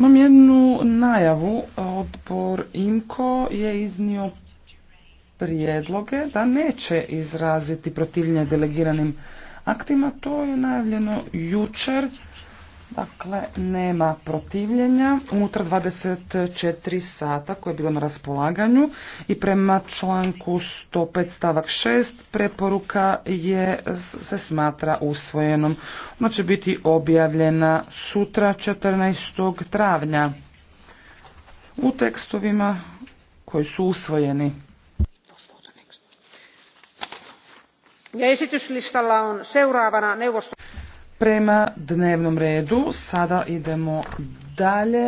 Imam jednu najavu. Odbor IMKO je iznio prijedloge da neće izraziti protivljenje delegiranim aktima. To je najavljeno jučer Dakle, nema protivljenja. Unutar 24 sata koje je bilo na raspolaganju i prema članku 105 stavak 6 preporuka je, se smatra usvojenom. Ona će biti objavljena sutra 14. travnja u tekstovima koji su usvojeni. Ja esityslistalla on seuraavana neuvosto prema dnevnom redu. Sada idemo dalje.